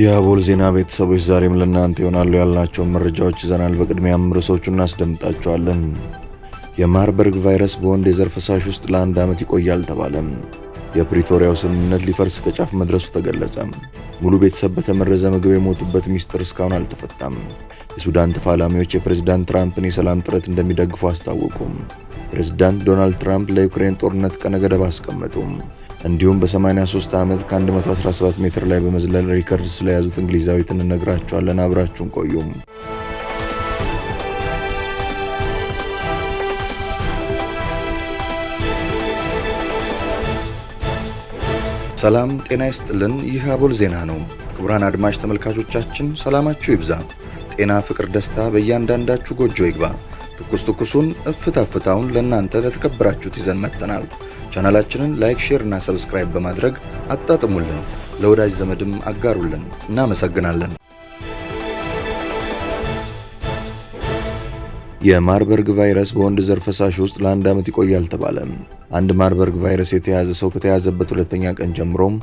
የአቦል ዜና ቤተሰቦች ዛሬም ለእናንተ ይሆናሉ ያልናቸውን መረጃዎች ይዘናል። በቅድሚያም ርዕሶቹ እናስደምጣቸዋለን። የማርበርግ ቫይረስ በወንድ የዘር ፈሳሽ ውስጥ ለአንድ ዓመት ይቆያል ተባለም። የፕሪቶሪያው ስምምነት ሊፈርስ ከጫፍ መድረሱ ተገለጸ። ሙሉ ቤተሰብ በተመረዘ ምግብ የሞቱበት ሚስጥር እስካሁን አልተፈታም። የሱዳን ተፋላሚዎች የፕሬዝዳንት ትራምፕን የሰላም ጥረት እንደሚደግፉ አስታወቁም። ፕሬዝዳንት ዶናልድ ትራምፕ ለዩክሬን ጦርነት ቀነ ገደብ አስቀመጡም። እንዲሁም በ83 ዓመት ከ117 ሜትር ላይ በመዝለል ሪከርድ ስለያዙት እንግሊዛዊት እንነግራቸዋለን። አብራችሁን ቆዩም። ሰላም ጤና ይስጥልን። ይህ አቦል ዜና ነው። ክቡራን አድማጭ ተመልካቾቻችን ሰላማችሁ ይብዛ፣ ጤና፣ ፍቅር፣ ደስታ በእያንዳንዳችሁ ጎጆ ይግባ። ትኩስ ትኩሱን እፍታ ፍታውን ለእናንተ ለተከበራችሁት ይዘን መጥተናል። ቻናላችንን ላይክ፣ ሼር እና ሰብስክራይብ በማድረግ አጣጥሙልን፣ ለወዳጅ ዘመድም አጋሩልን። እናመሰግናለን። የማርበርግ ቫይረስ በወንድ ዘር ፈሳሽ ውስጥ ለአንድ ዓመት ይቆያል ተባለ። አንድ ማርበርግ ቫይረስ የተያዘ ሰው ከተያዘበት ሁለተኛ ቀን ጀምሮም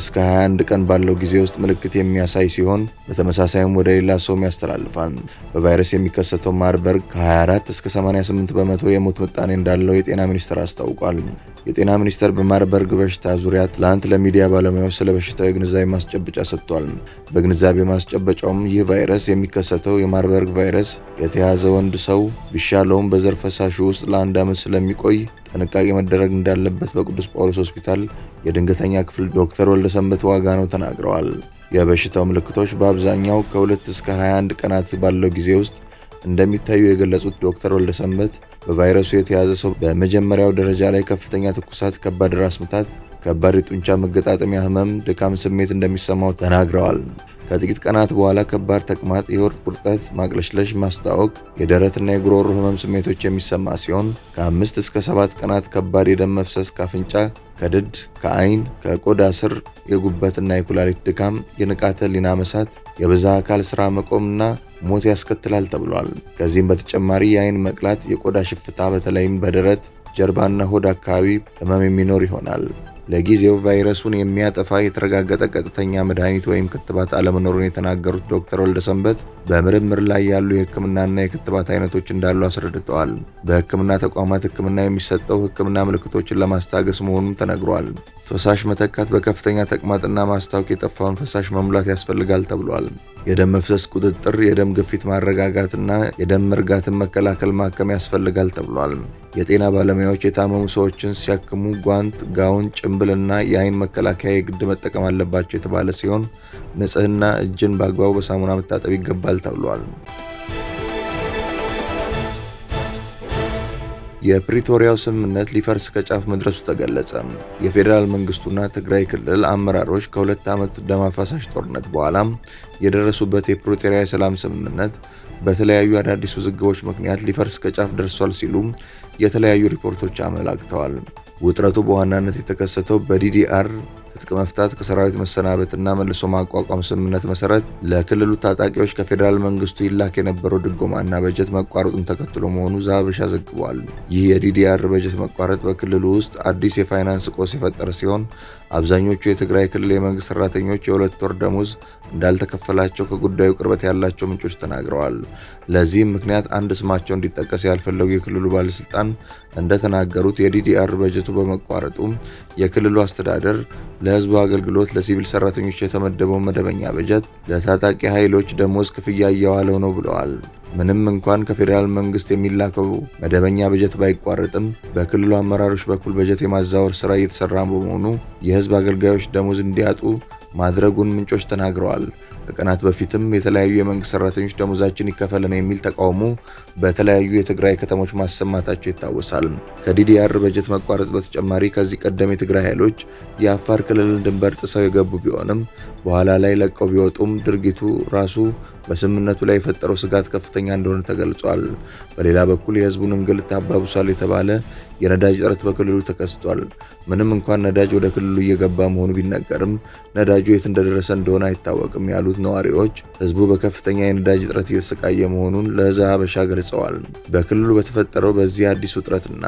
እስከ 21 ቀን ባለው ጊዜ ውስጥ ምልክት የሚያሳይ ሲሆን በተመሳሳይም ወደ ሌላ ሰውም ያስተላልፋል። በቫይረስ የሚከሰተው ማርበርግ ከ24 እስከ 88 በመቶ የሞት ምጣኔ እንዳለው የጤና ሚኒስቴር አስታውቋል። የጤና ሚኒስቴር በማርበርግ በሽታ ዙሪያ ትላንት ለሚዲያ ባለሙያዎች ስለ በሽታው የግንዛቤ ማስጨበጫ ሰጥቷል። በግንዛቤ ማስጨበጫውም ይህ ቫይረስ የሚከሰተው የማርበርግ ቫይረስ የተያዘ ወንድ ሰው ቢሻለውም በዘር ፈሳሹ ውስጥ ለአንድ ዓመት ስለሚቆይ ጥንቃቄ መደረግ እንዳለበት በቅዱስ ጳውሎስ ሆስፒታል የድንገተኛ ክፍል ዶክተር ወልደሰንበት ዋጋ ነው ተናግረዋል። የበሽታው ምልክቶች በአብዛኛው ከ2 እስከ 21 ቀናት ባለው ጊዜ ውስጥ እንደሚታዩ የገለጹት ዶክተር ወልደሰንበት በቫይረሱ የተያዘ ሰው በመጀመሪያው ደረጃ ላይ ከፍተኛ ትኩሳት፣ ከባድ ራስ ምታት ከባድ የጡንቻ መገጣጠሚያ ህመም፣ ድካም ስሜት እንደሚሰማው ተናግረዋል። ከጥቂት ቀናት በኋላ ከባድ ተቅማጥ፣ የሆድ ቁርጠት፣ ማቅለሽለሽ፣ ማስታወክ፣ የደረትና የጉሮሮ ህመም ስሜቶች የሚሰማ ሲሆን ከአምስት እስከ ሰባት ቀናት ከባድ የደም መፍሰስ ከአፍንጫ፣ ከድድ፣ ከአይን፣ ከቆዳ ስር፣ የጉበትና የኩላሊት ድካም፣ የንቃተ ሊና መሳት፣ የብዛ አካል ስራ መቆምና ሞት ያስከትላል ተብሏል። ከዚህም በተጨማሪ የአይን መቅላት፣ የቆዳ ሽፍታ በተለይም በደረት ጀርባና ሆድ አካባቢ ህመም የሚኖር ይሆናል። ለጊዜው ቫይረሱን የሚያጠፋ የተረጋገጠ ቀጥተኛ መድኃኒት ወይም ክትባት አለመኖሩን የተናገሩት ዶክተር ወልደሰንበት በምርምር ላይ ያሉ የህክምናና የክትባት አይነቶች እንዳሉ አስረድተዋል። በህክምና ተቋማት ህክምና የሚሰጠው ህክምና ምልክቶችን ለማስታገስ መሆኑን ተነግሯል። ፈሳሽ መተካት በከፍተኛ ተቅማጥና ማስታወክ የጠፋውን ፈሳሽ መሙላት ያስፈልጋል ተብሏል። የደም መፍሰስ ቁጥጥር፣ የደም ግፊት ማረጋጋትና የደም መርጋትን መከላከል ማከም ያስፈልጋል ተብሏል። የጤና ባለሙያዎች የታመሙ ሰዎችን ሲያክሙ ጓንት፣ ጋውን፣ ጭንብልና የአይን መከላከያ የግድ መጠቀም አለባቸው የተባለ ሲሆን ንጽህና፣ እጅን በአግባቡ በሳሙና መታጠብ ይገባል ተብሏል። የፕሪቶሪያው ስምምነት ሊፈርስ ከጫፍ መድረሱ ተገለጸ። የፌዴራል መንግስቱና ትግራይ ክልል አመራሮች ከሁለት ዓመት ደም አፋሳሽ ጦርነት በኋላ የደረሱበት የፕሪቶሪያ የሰላም ስምምነት በተለያዩ አዳዲስ ውዝግቦች ምክንያት ሊፈርስ ከጫፍ ደርሷል ሲሉ የተለያዩ ሪፖርቶች አመላክተዋል። ውጥረቱ በዋናነት የተከሰተው በዲዲአር ትጥቅ መፍታት ከሰራዊት እና መልሶ ማቋቋም ስምምነት መሰረት ለክልሉ ታጣቂዎች ከፌዴራል መንግስቱ ይላክ የነበረው ድጎማና በጀት መቋረጡን ተከትሎ መሆኑ ዛብሻ ዘግቧል። ይህ የዲዲአር በጀት መቋረጥ በክልሉ ውስጥ አዲስ የፋይናንስ ቆስ የፈጠረ ሲሆን አብዛኞቹ የትግራይ ክልል የመንግስት ሰራተኞች የሁለት ወር ደሞዝ እንዳልተከፈላቸው ከጉዳዩ ቅርበት ያላቸው ምንጮች ተናግረዋል። ለዚህም ምክንያት አንድ ስማቸው እንዲጠቀስ ያልፈለጉ የክልሉ ባለስልጣን እንደተናገሩት የዲዲአር በጀቱ በመቋረጡ የክልሉ አስተዳደር ለህዝቡ አገልግሎት ለሲቪል ሰራተኞች የተመደበው መደበኛ በጀት ለታጣቂ ኃይሎች ደሞዝ ክፍያ እየዋለው ነው ብለዋል። ምንም እንኳን ከፌዴራል መንግስት የሚላከው መደበኛ በጀት ባይቋረጥም በክልሉ አመራሮች በኩል በጀት የማዛወር ስራ እየተሰራ በመሆኑ የህዝብ አገልጋዮች ደሞዝ እንዲያጡ ማድረጉን ምንጮች ተናግረዋል። ከቀናት በፊትም የተለያዩ የመንግስት ሰራተኞች ደሞዛችን ይከፈለን የሚል ተቃውሞ በተለያዩ የትግራይ ከተሞች ማሰማታቸው ይታወሳል። ከዲዲአር በጀት መቋረጥ በተጨማሪ ከዚህ ቀደም የትግራይ ኃይሎች የአፋር ክልልን ድንበር ጥሰው የገቡ ቢሆንም በኋላ ላይ ለቀው ቢወጡም ድርጊቱ ራሱ በስምምነቱ ላይ የፈጠረው ስጋት ከፍተኛ እንደሆነ ተገልጿል። በሌላ በኩል የህዝቡን እንግልት አባብሷል የተባለ የነዳጅ እጥረት በክልሉ ተከስቷል። ምንም እንኳን ነዳጅ ወደ ክልሉ እየገባ መሆኑ ቢነገርም ነዳጁ የት እንደደረሰ እንደሆነ አይታወቅም ያሉት ያሉት ነዋሪዎች ህዝቡ በከፍተኛ የነዳጅ እጥረት እየተሰቃየ መሆኑን ለዛ ሀበሻ ገልጸዋል። በክልሉ በተፈጠረው በዚህ አዲሱ እጥረትና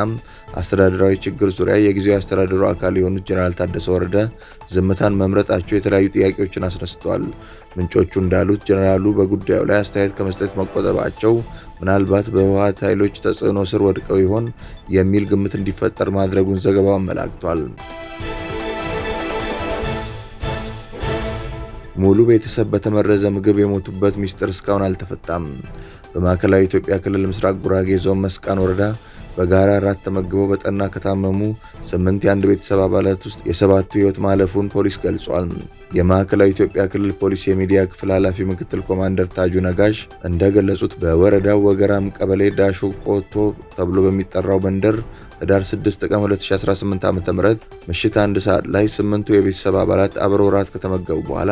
አስተዳደራዊ ችግር ዙሪያ የጊዜያዊ አስተዳደሩ አካል የሆኑት ጀኔራል ታደሰ ወረደ ዝምታን መምረጣቸው የተለያዩ ጥያቄዎችን አስነስተዋል። ምንጮቹ እንዳሉት ጀኔራሉ በጉዳዩ ላይ አስተያየት ከመስጠት መቆጠባቸው ምናልባት በህወሓት ኃይሎች ተጽዕኖ ስር ወድቀው ይሆን የሚል ግምት እንዲፈጠር ማድረጉን ዘገባው አመላክቷል። ሙሉ ቤተሰብ በተመረዘ ምግብ የሞቱበት ሚስጥር እስካሁን አልተፈጣም። በማዕከላዊ ኢትዮጵያ ክልል ምስራቅ ጉራጌ ዞን መስቃን ወረዳ በጋራ እራት ተመግበው በጠና ከታመሙ ስምንት የአንድ ቤተሰብ አባላት ውስጥ የሰባቱ ሕይወት ማለፉን ፖሊስ ገልጿል። የማዕከላዊ ኢትዮጵያ ክልል ፖሊስ የሚዲያ ክፍል ኃላፊ ምክትል ኮማንደር ታጁ ነጋሽ እንደገለጹት በወረዳው ወገራም ቀበሌ ዳሾ ቆቶ ተብሎ በሚጠራው መንደር ህዳር 6 ቀን 2018 ዓ.ም ምሽት አንድ ሰዓት ላይ ስምንቱ የቤተሰብ አባላት አብሮ ራት ከተመገቡ በኋላ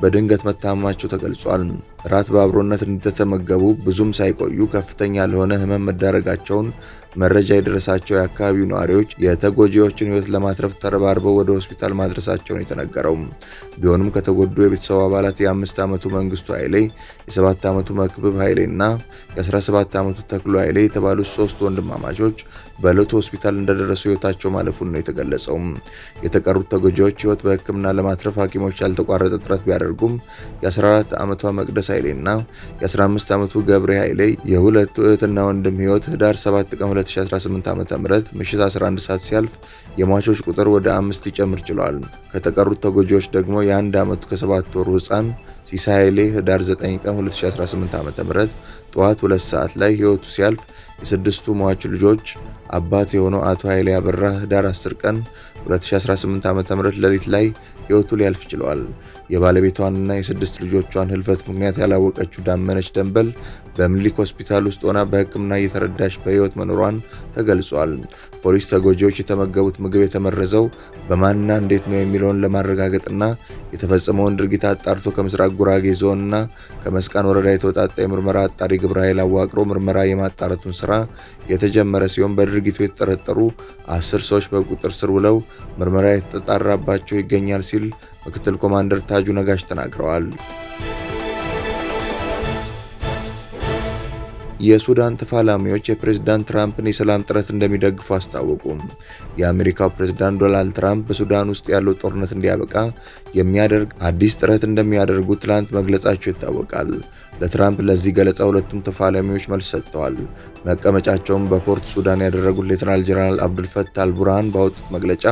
በድንገት መታመማቸው ተገልጿል። ራት በአብሮነት እንደተመገቡ ብዙም ሳይቆዩ ከፍተኛ ለሆነ ህመም መዳረጋቸውን መረጃ የደረሳቸው የአካባቢው ነዋሪዎች የተጎጂዎችን ህይወት ለማትረፍ ተረባርበው ወደ ሆስፒታል ማድረሳቸውን የተነገረው ቢሆንም ከተጎዱ የቤተሰቡ አባላት የአምስት ዓመቱ መንግስቱ ኃይሌ፣ የሰባት ዓመቱ መክብብ ኃይሌ እና የ17 ዓመቱ ተክሎ ኃይሌ የተባሉት ሶስት ወንድማማቾች በለቶ ሆስፒታል እንደደረሱ ህይወታቸው ማለፉን ነው የተገለጸው። የተቀሩት ተጎጂዎች ህይወት በህክምና ለማትረፍ ሐኪሞች ያልተቋረጠ ጥረት ቢያደርጉም የ14 ዓመቷ መቅደስ ኃይሌና የ15 ዓመቱ ገብሬ ኃይሌ የሁለቱ እህትና ወንድም ህይወት ህዳር 7 ቀን 2018 ዓ.ም ምሽት 11 ሰዓት ሲያልፍ የሟቾች ቁጥር ወደ አምስት ሊጨምር ችሏል። ከተቀሩት ተጎጂዎች ደግሞ የአንድ ዓመቱ ከሰባት ወሩ ህፃን ሲሳይ ኃይሌ ህዳር 9 ቀን 2018 ዓ.ም ጠዋት 2 ሰዓት ላይ ህይወቱ ሲያልፍ የስድስቱ ሟች ልጆች አባት የሆነው አቶ ኃይሌ አበራ ህዳር 10 ቀን 2018 ዓ.ም ሌሊት ላይ ህይወቱ ሊያልፍ ችለዋል። የባለቤቷንና የስድስት ልጆቿን ህልፈት ምክንያት ያላወቀችው ዳመነች ደንበል በምኒልክ ሆስፒታል ውስጥ ሆና በሕክምና እየተረዳች በህይወት መኖሯን ተገልጿል። ፖሊስ ተጎጂዎች የተመገቡት ምግብ የተመረዘው በማንና እንዴት ነው የሚለውን ለማረጋገጥና የተፈጸመውን ድርጊት አጣርቶ ከምስራቅ ጉራጌ ዞንና ከመስቃን ወረዳ የተወጣጣ የምርመራ አጣሪ ግብረ ኃይል አዋቅሮ ምርመራ የማጣረቱን ስራ የተጀመረ ሲሆን በድርጊቱ የተጠረጠሩ አስር ሰዎች በቁጥር ስር ውለው ምርመራ የተጣራባቸው ይገኛል ሲል ምክትል ኮማንደር ታጁ ነጋሽ ተናግረዋል። የሱዳን ተፋላሚዎች የፕሬዝዳንት ትራምፕን የሰላም ጥረት እንደሚደግፉ አስታወቁ። የአሜሪካው ፕሬዝዳንት ዶናልድ ትራምፕ በሱዳን ውስጥ ያለው ጦርነት እንዲያበቃ የሚያደርግ አዲስ ጥረት እንደሚያደርጉ ትላንት መግለጻቸው ይታወቃል። ለትራምፕ ለዚህ ገለጻ ሁለቱም ተፋላሚዎች መልስ ሰጥተዋል። መቀመጫቸውን በፖርት ሱዳን ያደረጉት ሌተናል ጀነራል አብዱልፈታ አልቡርሃን ባወጡት መግለጫ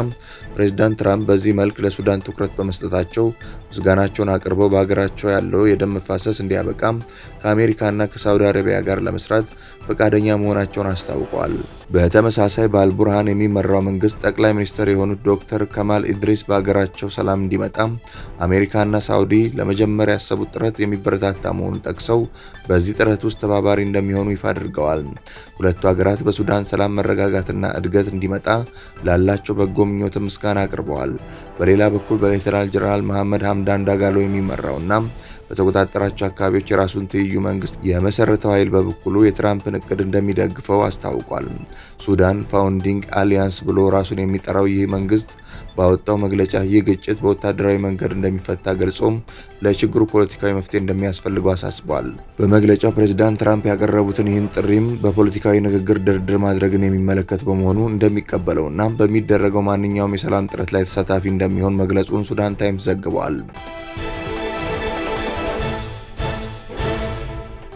ፕሬዝዳንት ትራምፕ በዚህ መልክ ለሱዳን ትኩረት በመስጠታቸው ምስጋናቸውን አቅርበው በሀገራቸው ያለው የደም መፋሰስ እንዲያበቃ ከአሜሪካና ከሳውዲ አረቢያ ጋር ለመ ለመስራት ፈቃደኛ መሆናቸውን አስታውቀዋል። በተመሳሳይ በአልቡርሃን የሚመራው መንግስት ጠቅላይ ሚኒስትር የሆኑት ዶክተር ከማል ኢድሪስ በሀገራቸው ሰላም እንዲመጣ አሜሪካና ሳውዲ ለመጀመር ያሰቡት ጥረት የሚበረታታ መሆኑን ጠቅሰው በዚህ ጥረት ውስጥ ተባባሪ እንደሚሆኑ ይፋ አድርገዋል። ሁለቱ ሀገራት በሱዳን ሰላም መረጋጋትና እድገት እንዲመጣ ላላቸው በጎ ምኞት ምስጋና አቅርበዋል። በሌላ በኩል በሌተናል ጀነራል መሐመድ ሀምዳን ዳጋሎ የሚመራውና በተቆጣጠራቸው አካባቢዎች የራሱን ትይዩ መንግስት የመሰረተው ኃይል በበኩሉ የትራምፕን እቅድ እንደሚደግፈው አስታውቋል። ሱዳን ፋውንዲንግ አሊያንስ ብሎ ራሱን የሚጠራው ይህ መንግስት ባወጣው መግለጫ ይህ ግጭት በወታደራዊ መንገድ እንደሚፈታ ገልጾም ለችግሩ ፖለቲካዊ መፍትሄ እንደሚያስፈልገው አሳስቧል። በመግለጫው ፕሬዚዳንት ትራምፕ ያቀረቡትን ይህን ጥሪም በፖለቲካዊ ንግግር ድርድር ማድረግን የሚመለከት በመሆኑ እንደሚቀበለውና በሚደረገው ማንኛውም የሰላም ጥረት ላይ ተሳታፊ እንደሚሆን መግለጹን ሱዳን ታይምስ ዘግቧል።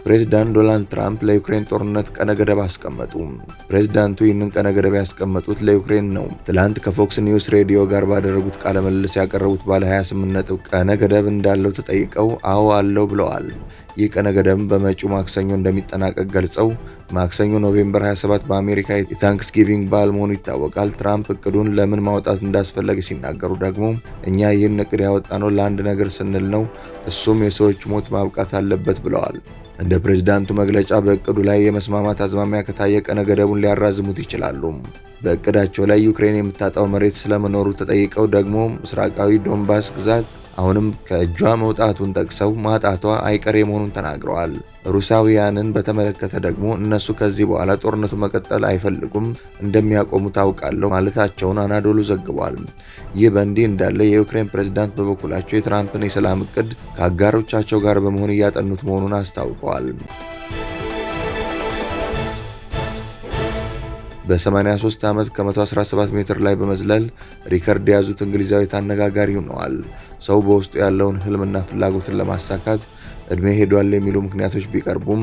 ፕሬዝዳንት ዶናልድ ትራምፕ ለዩክሬን ጦርነት ቀነ ገደብ አስቀመጡ። ፕሬዝዳንቱ ይህንን ቀነ ገደብ ያስቀመጡት ለዩክሬን ነው። ትላንት ከፎክስ ኒውስ ሬዲዮ ጋር ባደረጉት ቃለ ምልልስ ያቀረቡት ባለ 28 ነጥብ ቀነ ገደብ እንዳለው ተጠይቀው አዎ አለው ብለዋል። ይህ ቀነ ገደብ በመጪው ማክሰኞ እንደሚጠናቀቅ ገልጸው ማክሰኞ ኖቬምበር 27 በአሜሪካ የታንክስጊቪንግ በዓል መሆኑ ይታወቃል። ትራምፕ እቅዱን ለምን ማውጣት እንዳስፈለገ ሲናገሩ ደግሞ እኛ ይህን እቅድ ያወጣነው ለአንድ ነገር ስንል ነው፣ እሱም የሰዎች ሞት ማብቃት አለበት ብለዋል። እንደ ፕሬዝዳንቱ መግለጫ በእቅዱ ላይ የመስማማት አዝማሚያ ከታየ ቀነ ገደቡን ሊያራዝሙት ይችላሉ። በእቅዳቸው ላይ ዩክሬን የምታጣው መሬት ስለመኖሩ ተጠይቀው ደግሞ ምስራቃዊ ዶንባስ ግዛት አሁንም ከእጇ መውጣቱን ጠቅሰው ማጣቷ አይቀሬ መሆኑን ተናግረዋል። ሩሳውያንን በተመለከተ ደግሞ እነሱ ከዚህ በኋላ ጦርነቱ መቀጠል አይፈልጉም፣ እንደሚያቆሙ ታውቃለሁ ማለታቸውን አናዶሉ ዘግቧል። ይህ በእንዲህ እንዳለ የዩክሬን ፕሬዝዳንት በበኩላቸው የትራምፕን የሰላም እቅድ ከአጋሮቻቸው ጋር በመሆን እያጠኑት መሆኑን አስታውቀዋል። በ83 ዓመት ከ117 ሜትር ላይ በመዝለል ሪከርድ የያዙት እንግሊዛዊት አነጋጋሪ ሆነዋል። ሰው በውስጡ ያለውን ህልምና ፍላጎትን ለማሳካት እድሜ ሄዷል የሚሉ ምክንያቶች ቢቀርቡም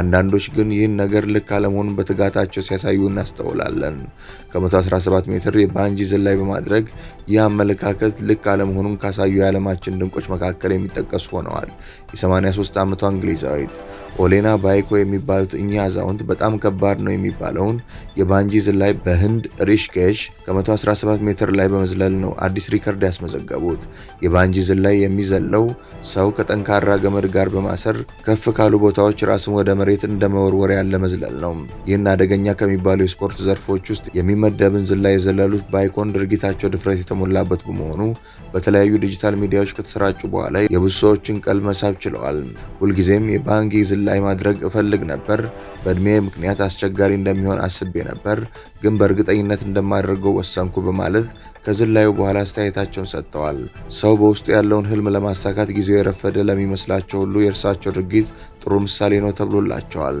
አንዳንዶች ግን ይህን ነገር ልክ አለመሆኑን በትጋታቸው ሲያሳዩ እናስተውላለን። ከ117 ሜትር የባንጂ ዝላይ በማድረግ ይህ አመለካከት ልክ አለመሆኑን ካሳዩ የዓለማችን ድንቆች መካከል የሚጠቀሱ ሆነዋል። የ83 ዓመቷ እንግሊዛዊት ኦሌና ባይኮ የሚባሉት እኚህ አዛውንት በጣም ከባድ ነው የሚባለውን ባንጂ ዝላይ በህንድ ሪሽኬሽ ከ117 ሜትር ላይ በመዝለል ነው አዲስ ሪከርድ ያስመዘገቡት። የባንጂ ዝላይ የሚዘለው ሰው ከጠንካራ ገመድ ጋር በማሰር ከፍ ካሉ ቦታዎች ራስን ወደ መሬት እንደመወርወር ያለ መዝለል ነው። ይህን አደገኛ ከሚባሉ የስፖርት ዘርፎች ውስጥ የሚመደብን ዝላይ የዘለሉት ባይኮን ድርጊታቸው ድፍረት የተሞላበት በመሆኑ በተለያዩ ዲጂታል ሚዲያዎች ከተሰራጩ በኋላ የብዙ ሰዎችን ቀልብ መሳብ ችለዋል። ሁልጊዜም የባንክ ዝላይ ማድረግ እፈልግ ነበር። በእድሜ ምክንያት አስቸጋሪ እንደሚሆን አስቤ ነበር፣ ግን በእርግጠኝነት እንደማደርገው ወሰንኩ በማለት ከዝላዩ በኋላ አስተያየታቸውን ሰጥተዋል። ሰው በውስጡ ያለውን ህልም ለማሳካት ጊዜው የረፈደ ለሚመስላቸው ሁሉ የእርሳቸው ድርጊት ጥሩ ምሳሌ ነው ተብሎላቸዋል።